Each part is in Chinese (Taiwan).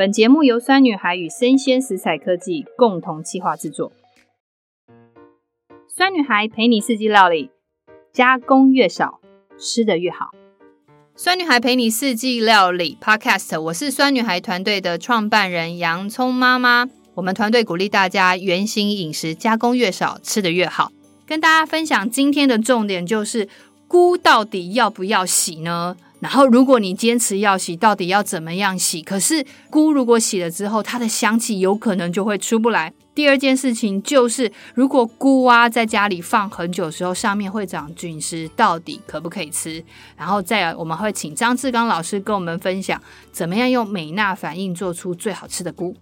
本節目由酸女孩與聲鮮時采科技共同企劃製作。酸女孩陪你四季料理，加工越少，吃得越好。酸女孩陪你四季料理 Podcast，我是酸女孩團隊的創辦人洋蔥媽媽。我們團隊鼓勵大家原型飲食，加工越少，吃得越好。跟大家分享今天的重點就是：菇到底要不要洗呢？然後，如果你堅持要洗，到底要怎麼樣洗？可是菇如果洗了之後，它的香氣有可能就會出不來。第二件事情就是，如果菇啊在家裡放很久的時候，上面會長菌絲，到底可不可以吃？然後再，我們會請章致綱老師跟我們分享，怎麼樣用梅納反應做出最好吃的菇。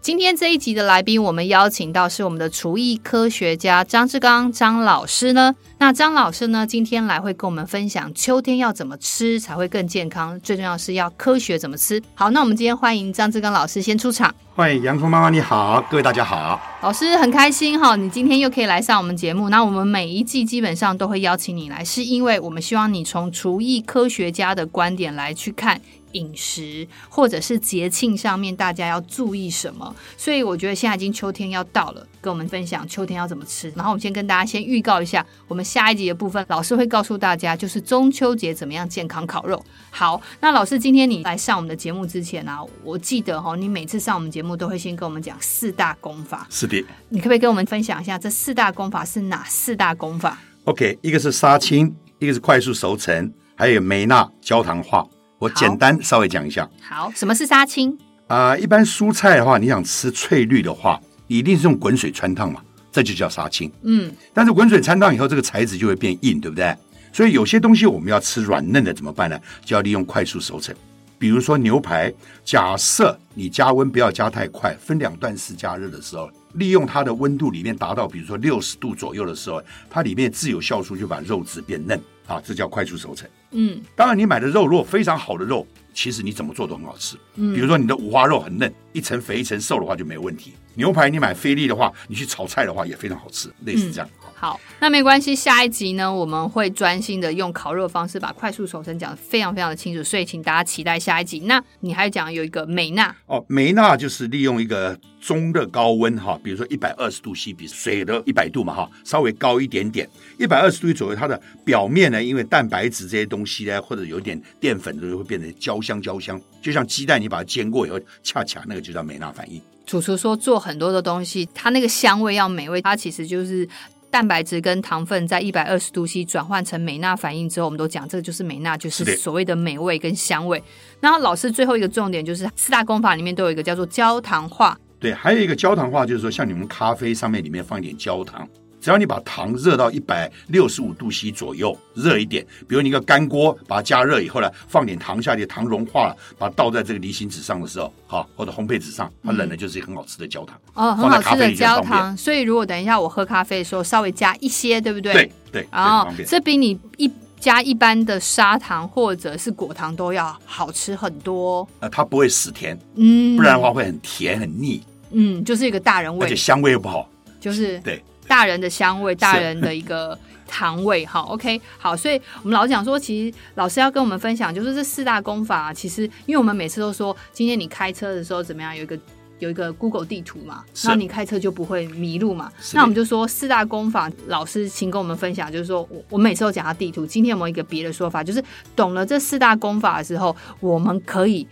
今天這一集的來賓，我們邀請到是我們的廚藝科學家章致綱張老師呢。那張老師呢，今天來會跟我們分享秋天要怎麼吃才會更健康，最重要的是要科學怎麼吃。好，那我們今天歡迎章致綱老師先出場。歡迎楊鳳媽媽，你好，各位大家好，老師很開心哈，你今天又可以來上我們節目。那我們每一季基本上都會邀請你來，是因為我們希望你從廚藝科學家的觀點來去看飲食或者是節慶上面大家要注意什麼。所以我覺得現在已經秋天要到了，跟我們分享秋天要怎麼吃。然後我們先跟大家先預告一下，我們下一集的部分，老師會告訴大家就是中秋節怎麼樣健康烤肉。好，那老師今天你來上我們的節目之前呢、啊，我記得哈，你每次上我們節目。我都會先跟我們講四大功法，是的。你可不可以跟我們分享一下這四大功法是哪四大功法？OK，一個是殺青，一個是快速熟成，還有梅納焦糖化。我好簡單稍微講一下。好，什麼是殺青？啊、呃，一般蔬菜的話，你想吃翠綠的話，你一定是用滾水汆燙嘛，這就叫殺青。嗯，但是滾水汆燙以後，這個材質就會變硬，對不對？所以有些東西我們要吃軟嫩的怎麼辦呢？就要利用快速熟成。比如說牛排，假設你加溫不要加太快，分兩段式加熱的時候，利用它的溫度裡面達到，比如說六十度左右的時候，它裡面自有酵素就把肉質變嫩。啊，這叫快速熟成。嗯，當然，你買的肉如果非常好的肉，其實你怎麼做都很好吃。嗯，比如說你的五花肉很嫩，一層肥一層瘦的話就沒問題。牛排你買菲力的話，你去炒菜的話也非常好吃，類似這樣。嗯，好，那沒關係，下一集呢，我們會專心的用烤肉方式把快速熟成講的非常非常的清楚，所以請大家期待下一集。那你還講有一個梅納哦，梅納就是利用一個中熱高溫哈，比如說一百二十度 C 比水的一百度嘛哈，稍微高一點點，一百二十度 C 左右，它的表面呢。因為蛋白質這些東西呢，或者有點澱粉，都會變成焦香焦香，就像雞蛋你把它煎過以後，恰恰那個就叫梅納反應。主廚說，做很多的東西，它那個香味要美味，它其實就是蛋白質跟糖分在一百二十度 C 轉換成梅納反應之後，我們都講這個就是梅納，就是所謂的美味跟香味。然後老師最後一個重點就是四大功法裡面都有一個叫做焦糖化，對，還有一個焦糖化就是說像你們咖啡上面裡面放一點焦糖。只要你把糖熱到一百六十五度 C 左右，熱一點，比如你一個乾鍋把它加熱以後呢，放點糖下去，糖融化了，把它倒在這個離心紙上的時候，好、啊，或者烘焙紙上，它冷了就是一個很好吃的焦糖。哦，很好吃的焦糖。所以如果等一下我喝咖啡的時候稍微加一些，對不對？對對，對然後對對這比你一加一般的砂糖或者是果糖都要好吃很多。呃、它不會死甜，嗯，不然的話會很甜很膩。嗯，就是一個大人味，而且香味又不好，就是對。大人的香味，大人的一個糖味哈是。OK，好，所以我們老師講說，其實老師要跟我們分享，就是這四大功法，其實因為我們每次都說，今天你開車的時候怎麼樣，有一個有一個 Google 地圖嘛，是然後你開車就不會迷路嘛。是那我們就說四大功法，老師請跟我們分享，就是說我我每次都講到地圖，今天有沒有一個別的說法？就是懂了這四大功法的時候，我們可以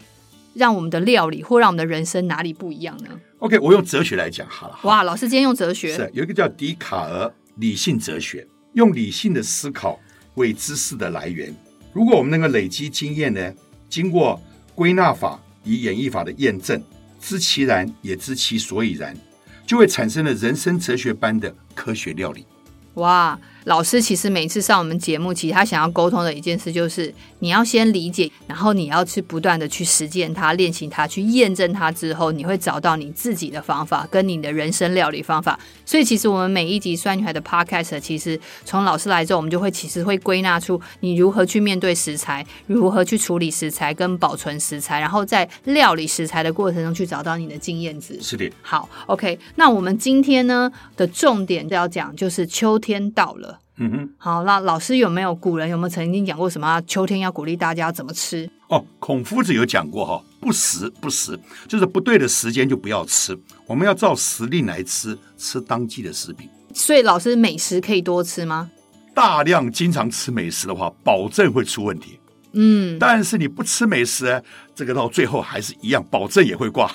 讓我們的料理或讓我們的人生哪裡不一樣呢？OK，我用哲學來講好了。好哇，老師今天用哲學是有一個叫笛卡爾理性哲學，用理性的思考為知識的來源。如果我們能夠累積經驗呢，經過歸納法與演繹法的驗證，知其然也知其所以然，就會產生了人生哲學般的科學料理。哇！老師其實每一次上我們節目，其實他想要溝通的一件事就是，你要先理解，然後你要去不斷的去實踐它、練習它、去驗證它，之後你會找到你自己的方法，跟你的人生料理方法。所以其實我們每一集《酸女孩的 Podcast》其實從老師來之後，我們就會其實會歸納出你如何去面對食材，如何去處理食材跟保存食材，然後在料理食材的過程中去找到你的經驗值。是的，好，OK。那我們今天的呢的重點要講就是秋天到了。嗯哼，好，那老師有沒有古人有沒有曾經講過什麼、啊、秋天要鼓勵大家怎麼吃？哦，孔夫子有講過哈，不時不食，就是不對的時間就不要吃，我們要照時令來吃，吃當季的食品。所以老師，美食可以多吃嗎？大量經常吃美食的話，保證會出問題。嗯，但是你不吃美食，這個到最後還是一樣，保證也會掛。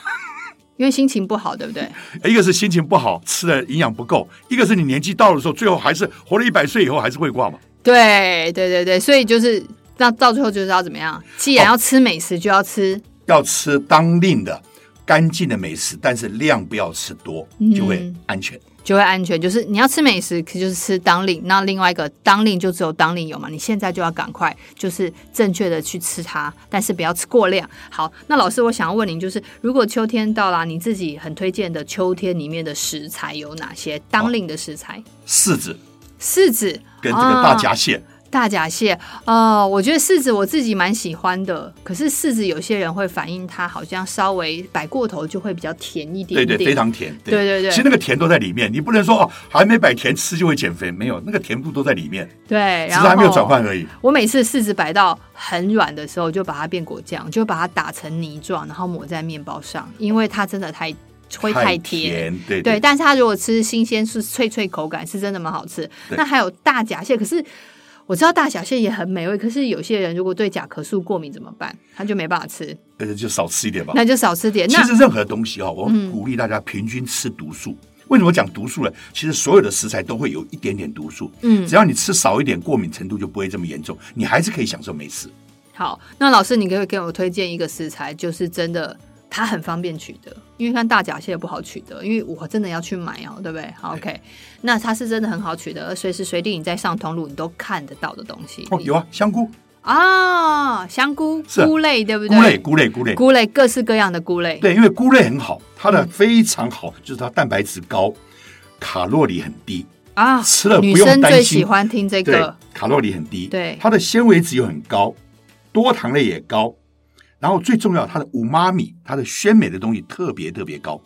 因為心情不好，對不對？一個是心情不好，吃的營養不夠；一個是你年紀到了時候，最後還是活了一百歲以後還是會掛嘛。對對對對，所以就是那到最後就是要怎麼樣？既然要吃美食，就要吃、哦、要吃當令的、乾淨的美食，但是量不要吃多，就會安全。嗯就會安全，就是你要吃美食，可就是吃當令。那另外一個當令就只有當令有嘛，你現在就要趕快，就是正確的去吃它，但是不要吃過量。好，那老師，我想要問您，就是如果秋天到了，你自己很推薦的秋天裡面的食材有哪些？當令的食材，柿子、柿子跟這個大閘蟹。啊大甲蟹啊、呃，我覺得柿子我自己蠻喜歡的。可是柿子有些人會反映，它好像稍微擺過頭就會比較甜一點點。對對，非常甜。對對，對對，其實那個甜都在裡面，你不能說哦，還沒擺甜吃就會減肥，沒有，那個甜度都在裡面。對，其實還沒有轉換而已。我每次柿子擺到很軟的時候，就把它變果醬，就把它打成泥狀，然後抹在麵包上，因為它真的太會太、太甜。對對，對，但是它如果吃新鮮是脆脆口感，是真的蠻好吃。對那還有大閘蟹，可是。我知道大小蟹也很美味，可是有些人如果對甲殼素過敏怎麼辦？他就沒辦法吃，那就少吃一點吧。那就少吃一點。那其實任何東西，我鼓勵大家平均吃毒素。嗯，為什麼講毒素呢？其實所有的食材都會有一點點毒素。嗯，只要你吃少一點，過敏程度就不會這麼嚴重，你還是可以享受美食。好，那老師你可以給我推薦一個食材，就是真的。它很方便取得，因為看大甲蟹也不好取得，因為我真的要去買哦、喔，對不對，對？OK，那它是真的很好取得，而隨時隨地你在上通路你都看得到的東西哦，有啊，香菇啊、哦，香菇是菇類，對不對？菇類，菇類，菇類，菇類，各式各樣的菇類。對，因為菇類很好，它的非常好，嗯、就是它蛋白質高，卡路里很低啊，吃了不用擔心，女生最喜歡聽這個，卡路里很低，對，它的纖維質又很高，多糖類也高。然後最重要，它的烏馬米，它的鮮美的東西特別特別高。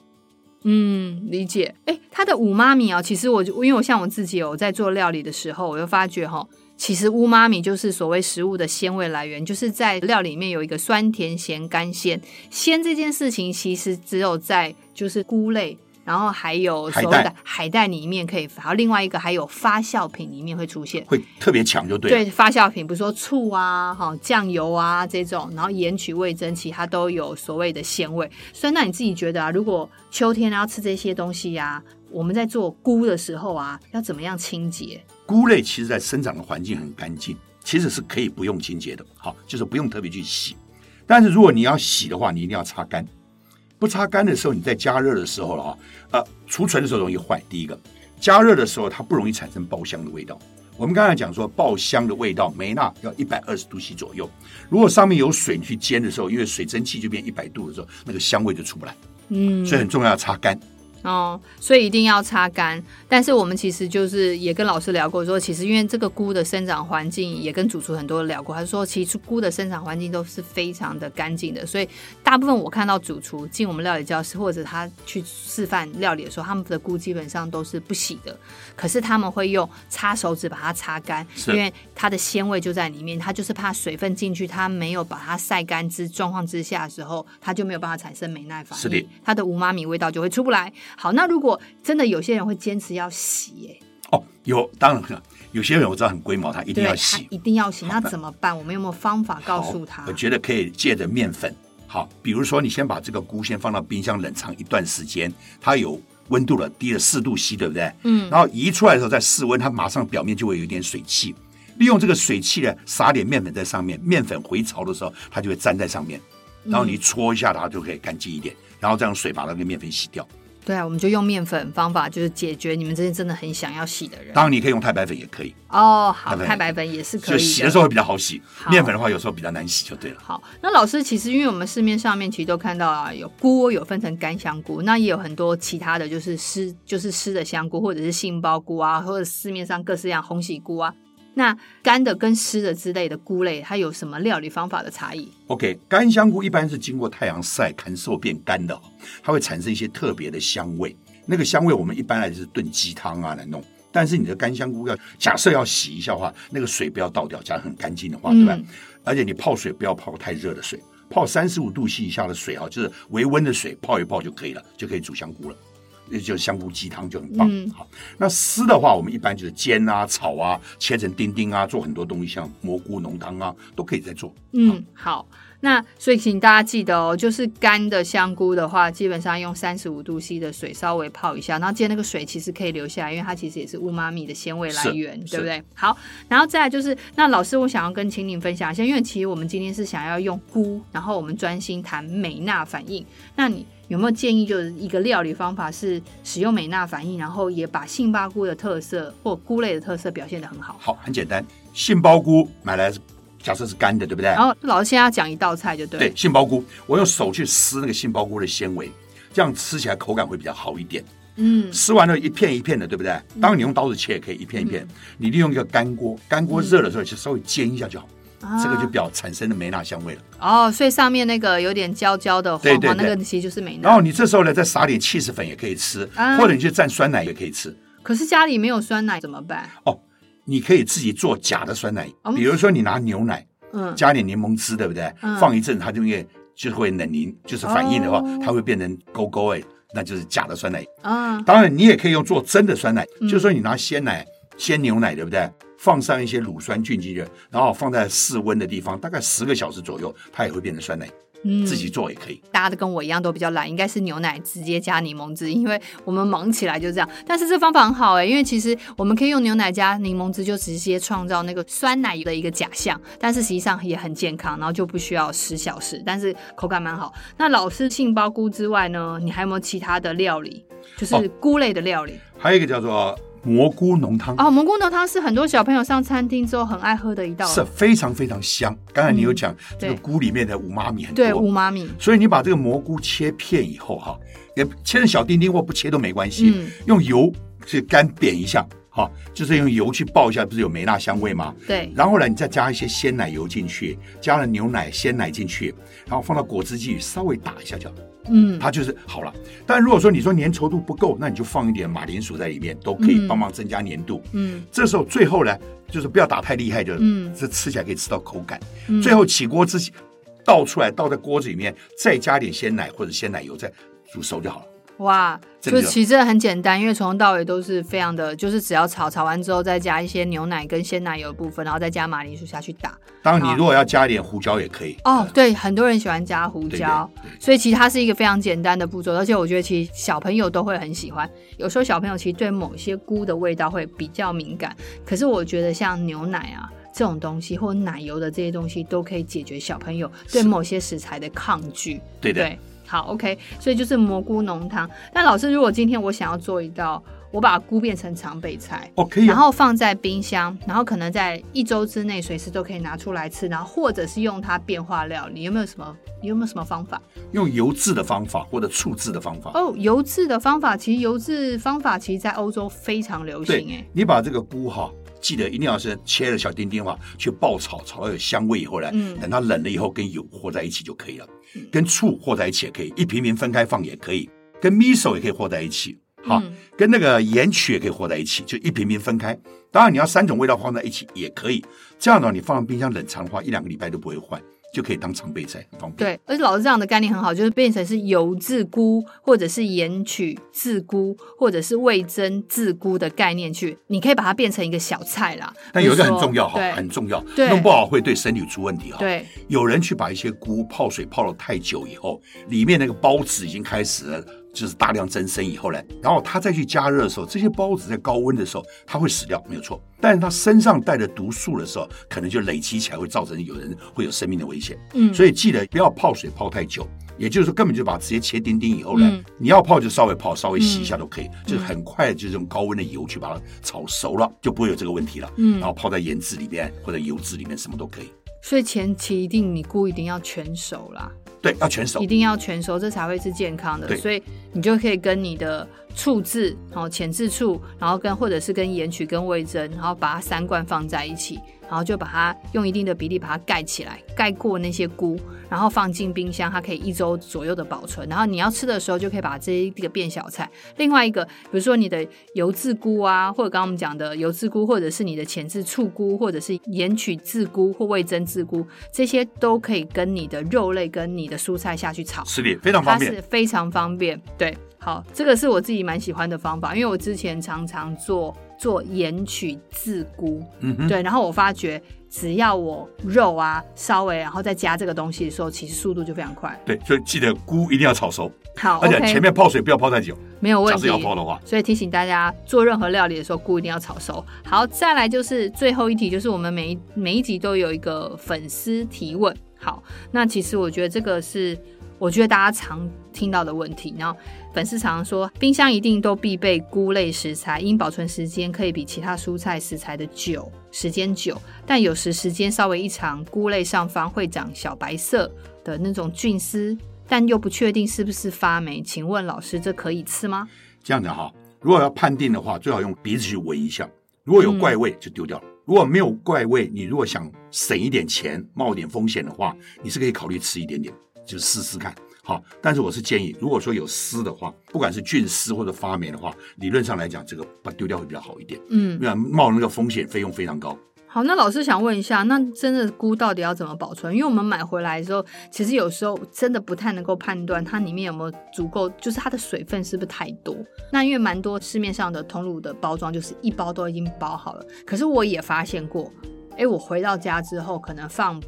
嗯，理解。哎，它的烏馬米啊、哦，其實我，因為我像我自己有，哦、在做料理的時候，我就發覺哈、哦，其實烏媽米就是所謂食物的鮮味來源，就是在料理裡面有一個酸甜鹹甘鮮鮮這件事情，其實只有在就是菇類。然後還有所謂的海帶裡面可以，然後另外一個還有發酵品裡面會出現，會特別強就對。對發酵品，比如說醋啊、哈醬油啊這種，然後鹽麴味噌，其他都有所謂的鮮味。所以那你自己覺得啊，如果秋天要吃這些東西呀、啊，我們在做菇的時候啊，要怎麼樣清潔？菇類其實在生長的環境很乾淨，其實是可以不用清潔的。好，就是不用特別去洗，但是如果你要洗的話，你一定要擦乾。不擦乾的時候，你在加熱的時候了啊。呃，儲存的時候容易壞。第一個，加熱的時候它不容易產生爆香的味道。我們剛才講說爆香的味道，梅納要一百二十度 C 左右。如果上面有水你去煎的時候，因為水蒸氣就變一百度的時候，那個香味就出不來。嗯，所以很重要，要擦，擦乾。哦、嗯，所以一定要擦乾。但是我們其實就是也跟老師聊過說，說其實因為這個菇的生長環境也跟主廚很多聊過，他說其實菇的生長環境都是非常的乾淨的。所以大部分我看到主廚進我們料理教室，或者他去示範料理的時候，他們的菇基本上都是不洗的。可是他們會用擦手指把它擦乾，是因為它的鮮味就在裡面，它就是怕水分進去，它沒有把它曬乾之狀況之下的時候，它就沒有辦法產生梅納反應，是的你，它的五媽米味道就會出不來。好，那如果真的有些人會堅持要洗，欸，耶。哦，有，當然了，有些人我知道很龜毛，他一定要洗，一定要洗，好那怎麼辦？那我們有沒有方法告訴他？我覺得可以借着麵粉，好，比如說你先把這個菇先放到冰箱冷藏一段時間，它有溫度了，低了四度，C，對不對？嗯。然後移出來的時候在室溫，它馬上表面就會有一點水汽，利用這個水汽呢，嗯、撒點麵粉在上面，麵粉回潮的時候它就會粘在上面，然後你搓一下它就可以乾淨一點，然後再用水把那個麵粉洗掉。對啊，我們就用麵粉方法，就是解決你們這些真的很想要洗的人。當然，你可以用太白粉也可以哦，好，太白粉也是可以，就洗的時候會比較好洗。好，麵粉的話，有時候比較難洗就對了。好，那老師其實，因為我們市面上面其實都看到啊，有菇有分成乾香菇，那也有很多其他的就是濕，就是濕的香菇，或者是杏鮑菇啊，或者市面上各式樣鴻喜菇啊。那乾的跟濕的之類的菇類，它有什麼料理方法的差異？OK，乾香菇一般是經過太陽曬、乾瘦變乾的，它會產生一些特別的香味。那個香味我們一般來是燉雞湯啊來弄。但是你的乾香菇要假設要洗一下的話，那個水不要倒掉，加很乾淨的話，嗯、對吧？而且你泡水不要泡太熱的水，泡三十五度 C 以下的水哈、啊，就是微溫的水泡一泡就可以了，就可以煮香菇了。那就香菇雞湯就很棒，嗯、好，那絲的話，我們一般就是煎啊、炒啊、切成丁丁啊，做很多東西，像蘑菇濃湯啊，都可以再做。嗯，好。好那所以，請大家記得哦，就是乾的香菇的話，基本上用三十五度 C 的水稍微泡一下，然後接那個水其實可以留下來，因為它其實也是烏瑪米的鮮味來源，是對不對？是好，然後再來就是，那老師，我想要跟請你分享一下，因為其實我們今天是想要用菇，然後我們專心談梅納反應。那你有沒有建議，就是一個料理方法是使用梅納反應，然後也把杏鮑菇的特色或菇類的特色表現得很好？好，很簡單，杏鮑菇買來假設是乾的，對不對？然後、哦、老師現在要講一道菜，就對。對，杏鮑菇，我用手去撕那個杏鮑菇的纖維，這樣吃起來口感會比較好一點。嗯，撕完了，一片一片的，對不對？嗯、當你用刀子切也可以，一片一片。嗯、你利用一個乾鍋，乾鍋熱的時候就稍微煎一下就好，嗯、這個就比較產生的梅納香味了、啊。哦，所以上面那個有點焦焦的黃，黃對對對，那個其實就是梅納。然後你這時候呢，再撒點起司粉也可以吃，嗯、或者你去蘸酸奶也可以吃。可是家裡沒有酸奶怎麼辦？哦。你可以自己做假的酸奶，比如說你拿牛奶，嗯、加點檸檬汁，對不對？嗯、放一陣，它就會就會冷凝，就是反應的話，哦、它會變成勾勾誒、欸、那就是假的酸奶。嗯、當然你也可以用做真的酸奶，嗯、就是說你拿鮮奶、鮮牛奶，對不對？放上一些乳酸菌進去，然後放在室溫的地方，大概十個小時左右，它也會變成酸奶。自己做也可以，大家都跟我一樣都比較懶，應該是牛奶直接加檸檬汁，因為我們忙起來就這樣。但是這方法很好哎、欸，因為其實我們可以用牛奶加檸檬汁，就直接創造那個酸奶的一個假象，但是實際上也很健康，然後就不需要十小時，但是口感蠻好。那老師，杏鮑菇之外呢，你還有沒有其他的料理，就是菇類的料理？哦、還有一個叫做。蘑菇濃湯、哦、蘑菇濃湯是很多小朋友上餐廳之後很愛喝的一道的，是非常非常香。剛才你有講、嗯、這個菇裡面的五媽，媽米很多，對五媽米，所以你把這個蘑菇切片以後哈，也切成小丁丁或不切都沒關係。嗯、用油去乾煸一下哈，就是用油去爆一下，不是有梅納香味嗎？對。然後呢，你再加一些鮮奶油進去，加了牛奶、鮮奶進去，然後放到果汁機稍微打一下就。嗯，它就是好了。但如果說你說粘稠度不夠，那你就放一點馬鈴薯在裡面，都可以幫忙增加粘度。嗯，嗯，這時候最後呢，就是不要打太厲害就，嗯，這吃起來可以吃到口感。嗯，最後起鍋之前倒出來，倒在鍋子裡面，再加點鮮奶或者鮮奶油，再煮熟就好了。哇，就其實真的很簡單，因為從頭到尾都是非常的，就是只要炒，炒完之後再加一些牛奶跟鮮奶油的部分，然後再加馬鈴薯下去打。然後，當然，你如果要加一點胡椒也可以。嗯、哦，對，很多人喜歡加胡椒，對對對對，所以其實它是一個非常簡單的步驟。而且我覺得，其實小朋友都會很喜歡。有時候小朋友其實對某些菇的味道會比較敏感，可是我覺得像牛奶啊這種東西，或者奶油的這些東西，都可以解決小朋友對某些食材的抗拒。是對的對。好，OK，所以就是蘑菇濃湯。但老師，如果今天我想要做一道，我把菇變成常備菜，OK, 然後放在冰箱，然後可能在一周之內隨時都可以拿出來吃，然後或者是用它變化料理，你有沒有什麼？你有沒有什麼方法？用油漬的方法或者醋漬的方法？方法哦，油漬的方法，其實油漬方法其實在歐洲非常流行。對，誒，你把這個菇哈。記得一定要是切了小丁丁的話，去爆炒，炒到有香味以後呢，嗯、等它冷了以後，跟油和在一起就可以了。跟醋和在一起也可以，一瓶瓶分開放也可以，跟 miso 也可以和在一起，好，嗯、跟那個鹽曲也可以和在一起，就一瓶瓶分開。當然你要三種味道放在一起也可以，這樣的話你放冰箱冷藏的話，一兩個禮拜都不會壞。就可以當常備菜，方便。對，而且老師這樣的概念很好，就是變成是油漬菇，或者是鹽曲漬菇，或者是味增漬菇的概念去，你可以把它變成一個小菜啦。但有一個很重要哈，對很重要，弄不好會對身體出問題哈。對，有人去把一些菇泡水泡了太久以後，裡面那個孢子已經開始了。就是大量增生以後呢，然後它再去加熱的時候，這些孢子在高溫的時候，它會死掉，沒有錯。但是它身上帶着毒素的時候，可能就累積起來，會造成有人會有生命的危險。嗯，所以記得不要泡水泡太久，也就是說根本就把它直接切丁丁以後呢，嗯、你要泡就稍微泡，稍微洗一下都可以，嗯、就是很快就用高溫的油去把它炒熟了，就不會有這個問題了。嗯，然後泡在鹽汁裡面或者油汁裡面，什麼都可以。所以前期一定，你菇一定要全熟啦。對，要全熟，一定要全熟，這才會是健康的。對。所以你就可以跟你的。醋漬，然後淺漬醋，然後跟或者是跟鹽曲跟味噌，然後把它三罐放在一起，然後就把它用一定的比例把它蓋起來，蓋過那些菇，然後放進冰箱，它可以一周左右的保存。然後你要吃的時候就可以把這一個變小菜。另外一個，比如說你的油漬菇啊，或者剛剛我們講的油漬菇，或者是你的淺漬醋菇，或者是鹽曲漬菇或味噌漬菇，這些都可以跟你的肉類跟你的蔬菜下去炒。是的，非常方便。它是非常方便，對。好，這個是我自己蠻喜歡的方法，因為我之前常常做做鹽曲自菇，嗯哼，對，然後我發覺只要我肉啊稍微然後再加這個東西的時候，其實速度就非常快。對，所以記得菇一定要炒熟。好，而且前面泡水不要泡太久，沒有問題。要泡的話，所以提醒大家做任何料理的時候，菇一定要炒熟。好，再來就是最後一題，就是我們每一每一集都有一個粉絲提問。好，那其實我覺得這個是我覺得大家常。聽到的問題，然後粉絲常常說，冰箱一定都必備菇類食材，因保存時間可以比其他蔬菜食材的久，時間久，但有時時間稍微一長，菇類上方會長小白色的那種菌絲，但又不確定是不是發霉，請問老師，這可以吃嗎？這樣子哈，如果要判定的話，最好用鼻子去聞一下，如果有怪味就丟掉了，嗯、如果沒有怪味，你如果想省一點錢，冒一點風險的話，你是可以考慮吃一點點，就試試看。好，但是我是建議，如果說有絲的話，不管是菌絲或者發霉的話，理論上來講，這個把它丟掉會比較好一點。嗯，那冒那個風險費用非常高。好，那老師想問一下，那真的菇到底要怎麼保存？因為我們買回來的時候，其實有時候真的不太能夠判斷它裡面有沒有足夠，就是它的水分是不是太多。那因為蠻多市面上的通路的包裝就是一包都已經包好了，可是我也發現過，哎、欸，我回到家之後可能放。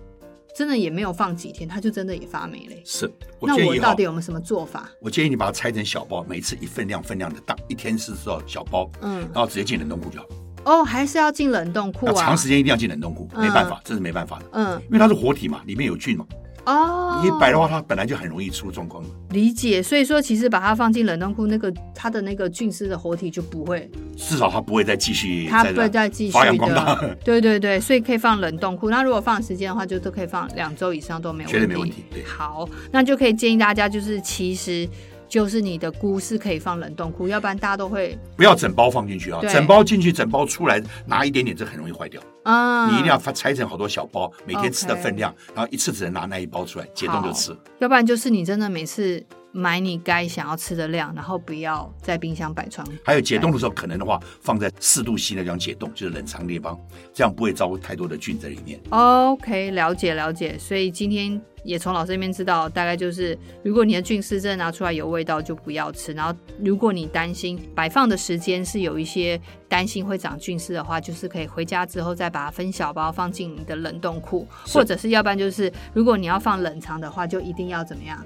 真的也沒有放幾天，它就真的也發霉了、欸。是，我建議那我到底有沒有什麼做法？我建議你把它拆成小包，每次一份量，份量的大，一天是做小包，嗯，然後直接進冷凍庫就好。哦，還是要進冷凍庫啊？長時間一定要進冷凍庫，嗯、沒辦法，這是沒辦法的。嗯，因為它是活體嘛，裡面有菌嘛。哦，oh, 你一擺的話，它本來就很容易出狀況。理解，所以說其實把它放進冷凍庫，那個它的那個菌絲的活體就不會，至少它不會再繼續，它不會再繼續的發揚光大。對對對，所以可以放冷凍庫。那如果放時間的話，就都可以放兩周以上都沒有問題，絕對沒問題。問題對，好，那就可以建議大家，就是其實。就是你的菇是可以放冷凍庫，要不然大家都會不要整包放進去啊，對整包進去，整包出來拿一點點，這很容易壞掉啊。嗯、你一定要拆成好多小包，每天吃的分量，okay 然後一次只能拿那一包出來解好凍就吃。要不然就是你真的每次。買你該想要吃的量，然後不要在冰箱擺床。還有解凍的時候，可能的話放在四度 C 那種解凍，就是冷藏的地方，這樣不會招太多的菌在裡面。Oh, OK，了解了解。所以今天也從老師那邊知道，大概就是如果你的菌絲真的拿出來有味道，就不要吃。然後如果你擔心擺放的時間是有一些擔心會長菌絲的話，就是可以回家之後再把它分小包放進你的冷凍庫，是或者是要不然就是如果你要放冷藏的話，就一定要怎麼樣？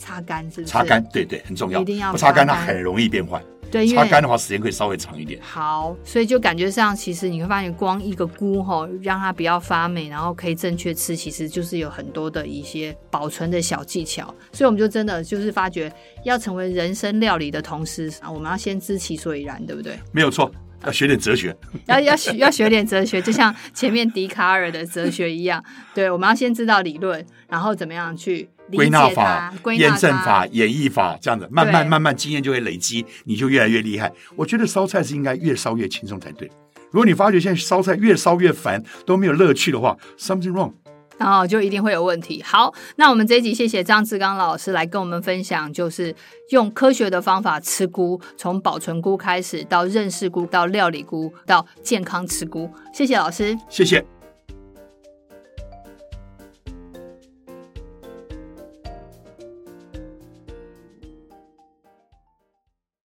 擦乾是不？是？擦乾對對很重要，一定要擦乾。不擦乾它很容易變壞。對，因為擦乾的話時間可以稍微長一點。好，所以就感覺上其實你會發現，光一個菇吼、哦，讓它不要發霉，然後可以正確吃，其實就是有很多的一些保存的小技巧。所以我們就真的就是發覺，要成為人生料理的同時啊，我們要先知其所以然，對不對？沒有錯。要學點哲學，要要學要學點哲學，就像前面笛卡爾的哲學一樣。對，我們要先知道理論，然後怎麼樣去歸納法、驗證法、法、演繹法，這樣子慢慢對 慢慢經驗就會累積，你就越來越厲害。我覺得燒菜是應該越燒越輕鬆才對。如果你發覺現在燒菜越燒越煩，都沒有樂趣的話，something wrong。然後、哦、就一定會有問題。好，那我們這一集謝謝章致綱老師來跟我們分享，就是用科學的方法吃菇，從保存菇開始，到認識菇，到料理菇，到健康吃菇。謝謝老師，謝謝。